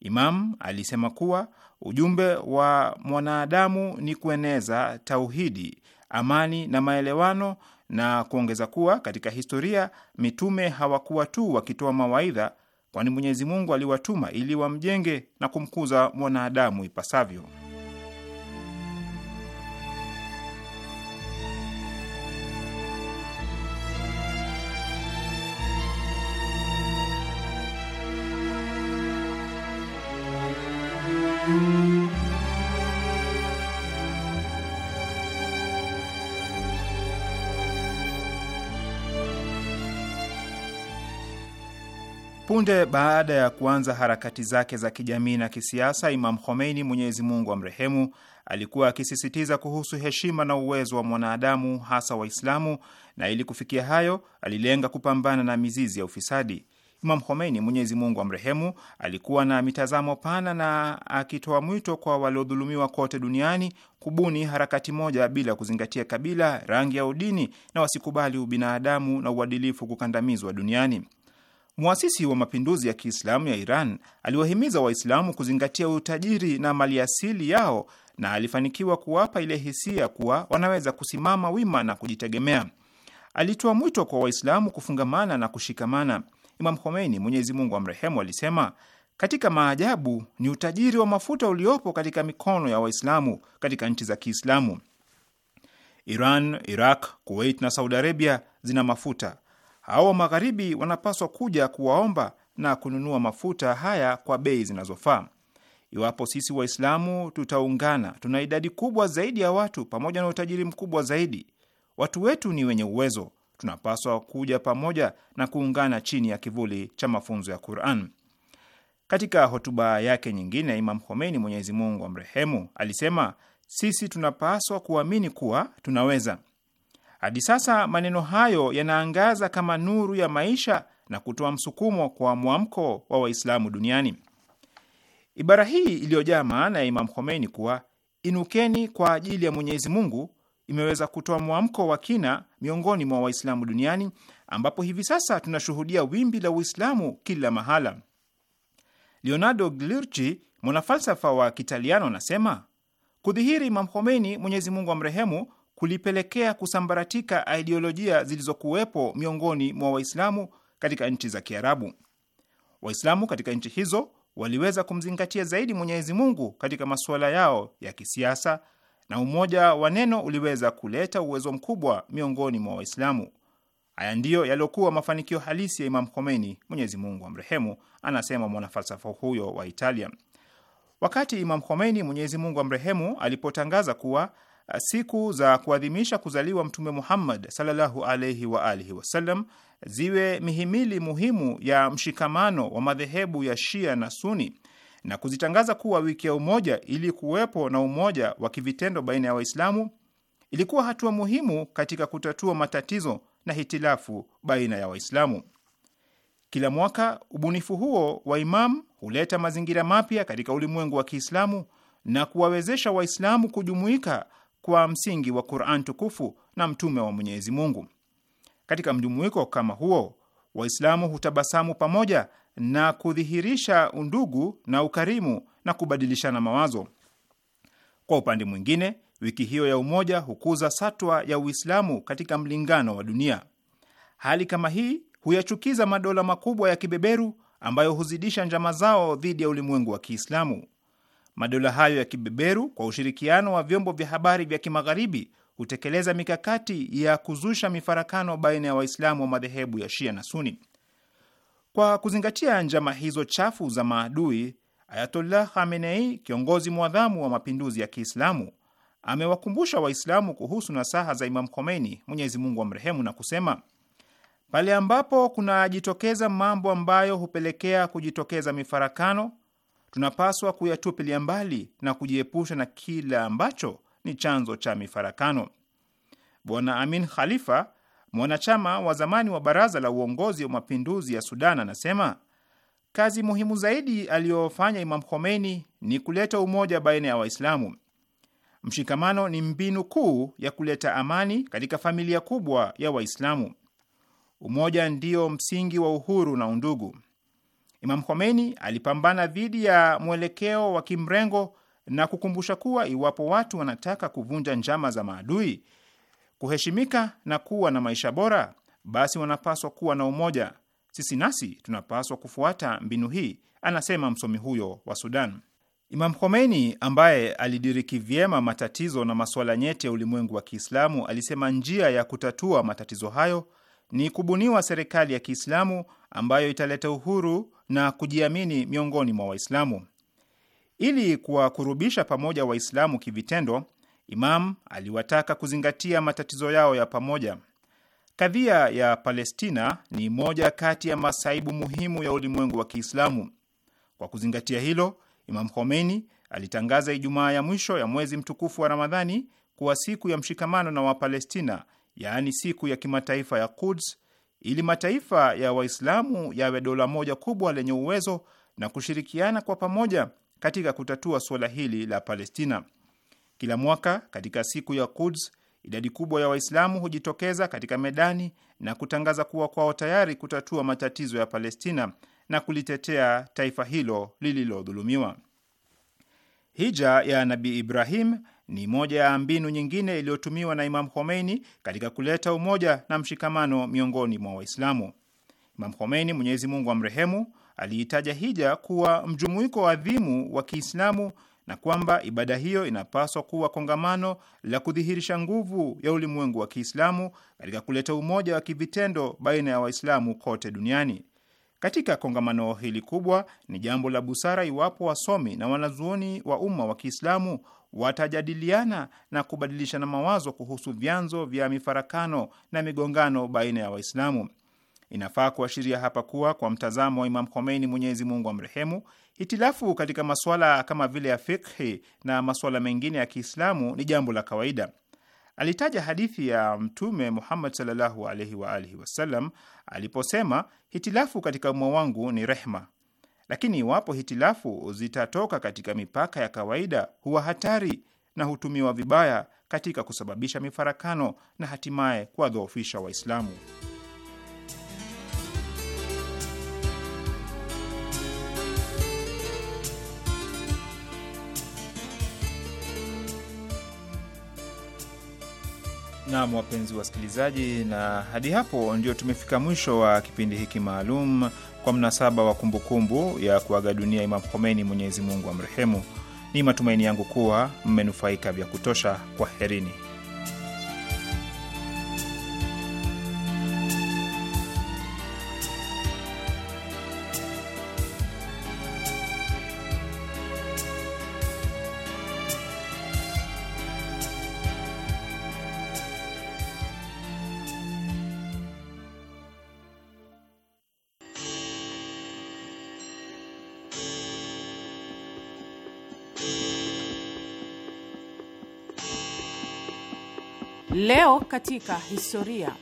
Imam alisema kuwa ujumbe wa mwanadamu ni kueneza tauhidi, amani na maelewano, na kuongeza kuwa katika historia mitume hawakuwa tu wakitoa mawaidha kwani Mwenyezi Mungu aliwatuma ili wamjenge na kumkuza mwanadamu ipasavyo. Punde baada ya kuanza harakati zake za kijamii na kisiasa, Imam Khomeini, Mwenyezi Mungu amrehemu, alikuwa akisisitiza kuhusu heshima na uwezo wa mwanadamu, hasa Waislamu, na ili kufikia hayo alilenga kupambana na mizizi ya ufisadi. Imam Khomeini, Mwenyezi Mungu amrehemu, alikuwa na mitazamo pana na akitoa mwito kwa waliodhulumiwa kote duniani kubuni harakati moja bila kuzingatia kabila, rangi au dini, na wasikubali ubinadamu na uadilifu kukandamizwa duniani. Mwasisi wa mapinduzi ya Kiislamu ya Iran aliwahimiza Waislamu kuzingatia utajiri na maliasili yao na alifanikiwa kuwapa ile hisia kuwa wanaweza kusimama wima na kujitegemea. Alitoa mwito kwa Waislamu kufungamana na kushikamana. Imam Khomeini, Mwenyezi Mungu amrehemu, alisema katika maajabu ni utajiri wa mafuta uliopo katika mikono ya Waislamu katika nchi za Kiislamu. Iran, Iraq, Kuwait na Saudi Arabia zina mafuta au wa magharibi wanapaswa kuja kuwaomba na kununua mafuta haya kwa bei zinazofaa. Iwapo sisi Waislamu tutaungana, tuna idadi kubwa zaidi ya watu pamoja na utajiri mkubwa zaidi. Watu wetu ni wenye uwezo, tunapaswa kuja pamoja na kuungana chini ya kivuli cha mafunzo ya Quran. Katika hotuba yake nyingine, Imam Khomeini, Mwenyezi Mungu amrehemu, alisema sisi tunapaswa kuamini kuwa tunaweza hadi sasa maneno hayo yanaangaza kama nuru ya maisha na kutoa msukumo kwa mwamko wa Waislamu duniani. Ibara hii iliyojaa maana ya Imam Khomeini kuwa inukeni kwa ajili ya Mwenyezi Mungu imeweza kutoa mwamko wa kina miongoni mwa Waislamu duniani ambapo hivi sasa tunashuhudia wimbi la Uislamu kila mahala. Leonardo glirci mwanafalsafa wa Kitaliano, anasema kudhihiri Imam Khomeini, Mwenyezi Mungu amrehemu, kulipelekea kusambaratika aidiolojia zilizokuwepo miongoni mwa Waislamu katika nchi za Kiarabu. Waislamu katika nchi hizo waliweza kumzingatia zaidi Mwenyezi Mungu katika masuala yao ya kisiasa na umoja wa neno uliweza kuleta uwezo mkubwa miongoni mwa Waislamu. Haya ndiyo yaliyokuwa mafanikio halisi ya Imam Khomeini, Mwenyezi Mungu amrehemu, anasema mwanafalsafa huyo wa Italia. Wakati Imam Khomeini, Mwenyezi Mungu amrehemu, alipotangaza kuwa siku za kuadhimisha kuzaliwa Mtume Muhammad sallallahu alaihi wa alihi wasallam ziwe mihimili muhimu ya mshikamano wa madhehebu ya Shia na Suni na kuzitangaza kuwa wiki ya umoja ili kuwepo na umoja wa kivitendo baina ya Waislamu ilikuwa hatua muhimu katika kutatua matatizo na hitilafu baina ya Waislamu. Kila mwaka ubunifu huo wa Imam huleta mazingira mapya katika ulimwengu wa Kiislamu na kuwawezesha Waislamu kujumuika kwa msingi wa Quran tukufu na mtume wa Mwenyezi Mungu. Katika mjumuiko kama huo, Waislamu hutabasamu pamoja na kudhihirisha undugu na ukarimu na kubadilishana mawazo. Kwa upande mwingine, wiki hiyo ya umoja hukuza satwa ya Uislamu katika mlingano wa dunia. Hali kama hii huyachukiza madola makubwa ya kibeberu ambayo huzidisha njama zao dhidi ya ulimwengu wa Kiislamu. Madola hayo ya kibeberu kwa ushirikiano wa vyombo vya habari vya kimagharibi hutekeleza mikakati ya kuzusha mifarakano baina ya Waislamu wa madhehebu ya Shia na Suni. Kwa kuzingatia njama hizo chafu za maadui, Ayatollah Khamenei, kiongozi mwadhamu wa mapinduzi ya Kiislamu, amewakumbusha Waislamu kuhusu nasaha za Imam Khomeini, Mwenyezi Mungu mrehemu na kusema pale ambapo kunajitokeza mambo ambayo hupelekea kujitokeza mifarakano tunapaswa kuyatupilia mbali na kujiepusha na kila ambacho ni chanzo cha mifarakano. Bwana Amin Khalifa, mwanachama wa zamani wa baraza la uongozi wa mapinduzi ya Sudan, anasema kazi muhimu zaidi aliyofanya Imam Khomeini ni kuleta umoja baina ya Waislamu. Mshikamano ni mbinu kuu ya kuleta amani katika familia kubwa ya Waislamu. Umoja ndiyo msingi wa uhuru na undugu. Imam Khomeini alipambana dhidi ya mwelekeo wa kimrengo na kukumbusha kuwa iwapo watu wanataka kuvunja njama za maadui, kuheshimika na kuwa na maisha bora, basi wanapaswa kuwa na umoja. Sisi nasi tunapaswa kufuata mbinu hii, anasema msomi huyo wa Sudan. Imam Khomeini ambaye alidiriki vyema matatizo na masuala nyeti ya ulimwengu wa Kiislamu alisema njia ya kutatua matatizo hayo ni kubuniwa serikali ya Kiislamu ambayo italeta uhuru na kujiamini miongoni mwa Waislamu. Ili kuwakurubisha pamoja Waislamu kivitendo, Imam aliwataka kuzingatia matatizo yao ya pamoja. Kadhia ya Palestina ni moja kati ya masaibu muhimu ya ulimwengu wa Kiislamu. Kwa kuzingatia hilo, Imam Khomeini alitangaza Ijumaa ya mwisho ya mwezi mtukufu wa Ramadhani kuwa siku ya mshikamano na Wapalestina yaani siku ya kimataifa ya Quds ili mataifa ya Waislamu yawe dola moja kubwa lenye uwezo na kushirikiana kwa pamoja katika kutatua suala hili la Palestina. Kila mwaka katika siku ya Quds idadi kubwa ya Waislamu hujitokeza katika medani na kutangaza kuwa kwao tayari kutatua matatizo ya Palestina na kulitetea taifa hilo lililodhulumiwa. Hija ya Nabii Ibrahim ni moja ya mbinu nyingine iliyotumiwa na Imam Khomeini katika kuleta umoja na mshikamano miongoni mwa Waislamu. Imam Khomeini, Mwenyezi Mungu amrehemu, aliitaja hija kuwa mjumuiko adhimu wa Kiislamu na kwamba ibada hiyo inapaswa kuwa kongamano la kudhihirisha nguvu ya ulimwengu wa Kiislamu katika kuleta umoja wa kivitendo baina ya Waislamu kote duniani. Katika kongamano hili kubwa, ni jambo la busara iwapo wasomi na wanazuoni wa umma wa Kiislamu watajadiliana na kubadilishana mawazo kuhusu vyanzo vya mifarakano na migongano baina ya Waislamu. Inafaa kuashiria hapa kuwa kwa mtazamo wa Imam Khomeini, Mwenyezi Mungu amrehemu, hitilafu katika masuala kama vile ya fikhi na masuala mengine ya Kiislamu ni jambo la kawaida. Alitaja hadithi ya Mtume Muhammad sallallahu alaihi wa alihi wasallam aliposema, hitilafu katika umma wangu ni rehma. Lakini iwapo hitilafu zitatoka katika mipaka ya kawaida, huwa hatari na hutumiwa vibaya katika kusababisha mifarakano na hatimaye kuwadhoofisha Waislamu. Nam, wapenzi wasikilizaji, na hadi hapo ndio tumefika mwisho wa kipindi hiki maalum kwa mnasaba wa kumbukumbu kumbu ya kuaga dunia Imam Khomeini, Mwenyezi Mungu amrehemu. Ni matumaini yangu kuwa mmenufaika vya kutosha. Kwaherini. Leo katika historia.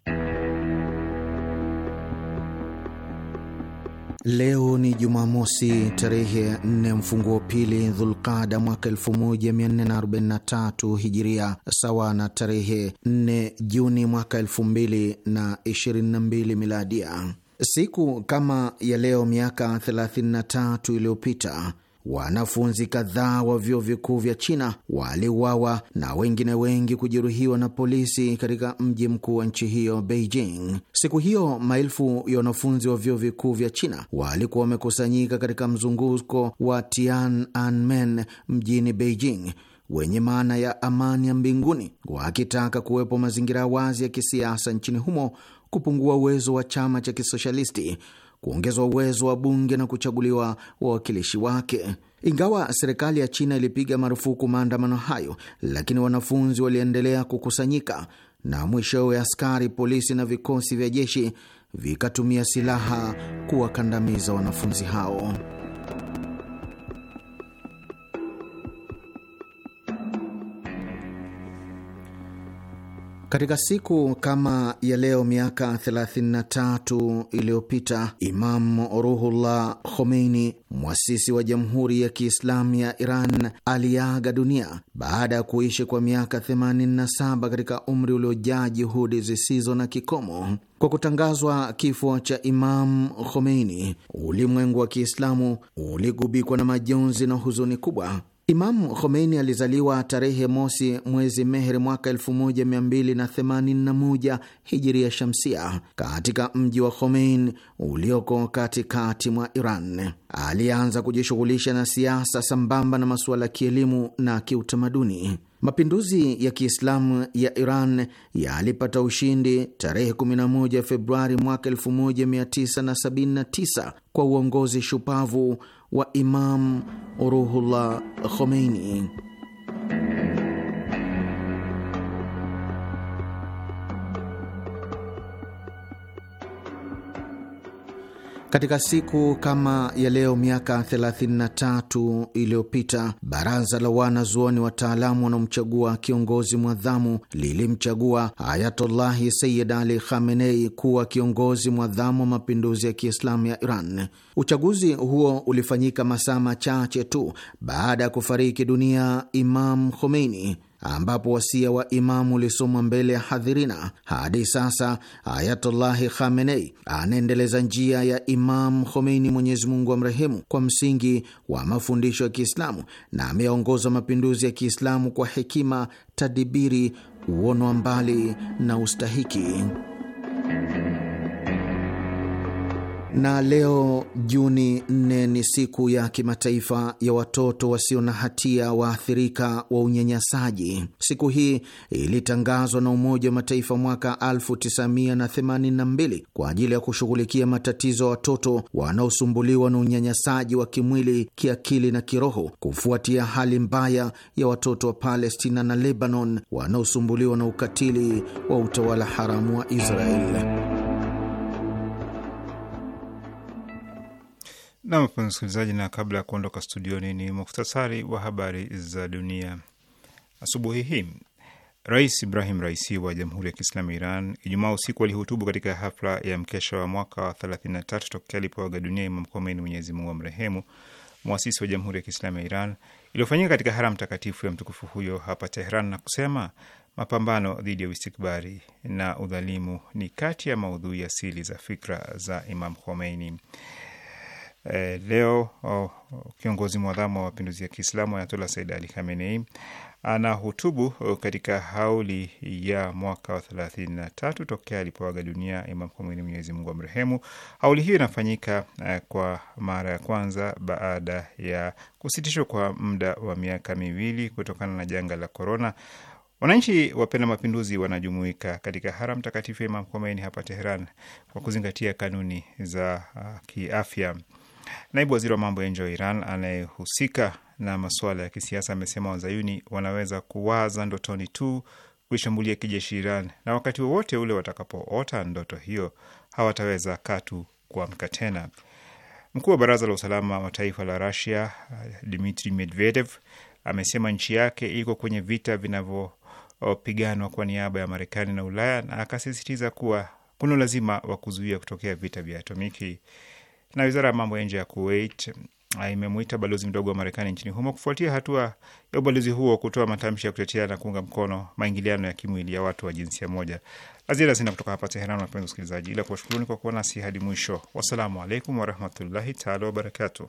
Leo ni Jumamosi, tarehe ya nne mfunguo pili Dhulqada mwaka 1443 Hijiria, sawa na tarehe 4 Juni mwaka 2022 Miladia. Siku kama ya leo miaka 33 iliyopita Wanafunzi kadhaa wa vyuo vikuu vya China waliuawa na wengine wengi kujeruhiwa na polisi katika mji mkuu wa nchi hiyo Beijing. Siku hiyo maelfu ya wanafunzi wa vyuo vikuu vya China walikuwa wamekusanyika katika mzunguko wa Tiananmen mjini Beijing wenye maana ya amani ya mbinguni, wakitaka kuwepo mazingira wazi ya kisiasa nchini humo, kupungua uwezo wa chama cha kisoshalisti kuongezwa uwezo wa bunge na kuchaguliwa wawakilishi wake. Ingawa serikali ya China ilipiga marufuku maandamano hayo, lakini wanafunzi waliendelea kukusanyika na mwishowe askari polisi na vikosi vya jeshi vikatumia silaha kuwakandamiza wanafunzi hao. Katika siku kama ya leo miaka 33 iliyopita Imam Ruhullah Khomeini, mwasisi wa Jamhuri ya Kiislamu ya Iran, aliaga dunia baada ya kuishi kwa miaka 87 katika umri uliojaa juhudi zisizo na kikomo. Kwa kutangazwa kifo cha Imam Khomeini, ulimwengu wa Kiislamu uligubikwa na majonzi na huzuni kubwa imam Khomeini alizaliwa tarehe mosi mwezi Meheri mwaka 1281 hijiria shamsia katika mji wa Khomein ulioko katikati mwa Iran. Alianza kujishughulisha na siasa sambamba na masuala ya kielimu na kiutamaduni. Mapinduzi ya Kiislamu ya Iran yalipata ushindi tarehe 11 Februari mwaka 1979 kwa uongozi shupavu wa Imam Ruhullah Khomeini. Katika siku kama ya leo miaka 33 iliyopita baraza la wanazuoni wataalamu wanaomchagua kiongozi mwadhamu lilimchagua Ayatullahi Sayyid Ali Khamenei kuwa kiongozi mwadhamu wa mapinduzi ya Kiislamu ya Iran. Uchaguzi huo ulifanyika masaa machache tu baada ya kufariki dunia Imam Khomeini ambapo wasia wa Imamu ulisomwa mbele ya hadhirina. Hadi sasa Ayatullahi Khamenei anaendeleza njia ya Imam Khomeini, Mwenyezi Mungu amrehemu, kwa msingi wa mafundisho ya Kiislamu na ameyaongoza mapinduzi ya Kiislamu kwa hekima, tadibiri, uono wa mbali na ustahiki. Na leo Juni 4 ni siku ya kimataifa ya watoto wasio na hatia waathirika wa unyanyasaji. Siku hii ilitangazwa na Umoja wa Mataifa mwaka 1982 kwa ajili ya kushughulikia matatizo ya watoto wanaosumbuliwa na unyanyasaji wa kimwili, kiakili na kiroho, kufuatia hali mbaya ya watoto wa Palestina na Lebanon wanaosumbuliwa na ukatili wa utawala haramu wa Israeli. Nam mpenzi msikilizaji, na kabla ya kuondoka studioni ni muhtasari wa habari za dunia asubuhi hii. Rais Ibrahim Raisi wa Jamhuri ya Kiislamu ya Iran Ijumaa usiku alihutubu katika hafla ya mkesha wa mwaka wa 33 tokea alipoaga dunia Imam Khomeini, Mwenyezi Mungu amrehemu, mwasisi wa Jamhuri ya Kiislamu ya Iran, iliyofanyika katika haram takatifu ya mtukufu huyo hapa Tehran, na kusema mapambano dhidi ya uistikbari na udhalimu ni kati ya maudhui asili za fikra za Imam Khomeini eh, leo oh, kiongozi mwadhamu wa mapinduzi ya Kiislamu Ayatollah Said Ali Khamenei hutubu katika hauli ya mwaka wa thelathini na tatu tokea alipoaga dunia Imam Khomeini, Mwenyezi Mungu amrehemu. Hauli hiyo inafanyika eh, kwa mara ya kwanza baada ya kusitishwa kwa muda wa miaka miwili kutokana na janga la korona. Wananchi wapenda mapinduzi wanajumuika katika haram takatifu ya Imam Khomeini hapa Teheran kwa kuzingatia kanuni za ah, kiafya. Naibu waziri wa mambo ya nje wa Iran anayehusika na masuala ya kisiasa amesema wazayuni wanaweza kuwaza ndotoni tu kuishambulia kijeshi Iran, na wakati wowote ule watakapoota ndoto hiyo hawataweza katu kuamka tena. Mkuu wa baraza la usalama wa taifa la rasia Dmitri Medvedev amesema nchi yake iko kwenye vita vinavyopiganwa kwa niaba ya Marekani na Ulaya, na akasisitiza kuwa kuna ulazima wa kuzuia kutokea vita vya atomiki. Na wizara ya mambo ya nje ya Kuwait eh, imemwita balozi mdogo wa Marekani nchini humo kufuatia hatua ya ubalozi huo kutoa matamshi ya kutetea na kuunga mkono maingiliano ya kimwili ya watu wa jinsia moja. La sina kutoka hapa Teheran, wapenzi wasikilizaji, ila kuwashukuruni kwa kuwa nasi hadi mwisho. Wassalamu alaikum warahmatullahi taala wabarakatuh.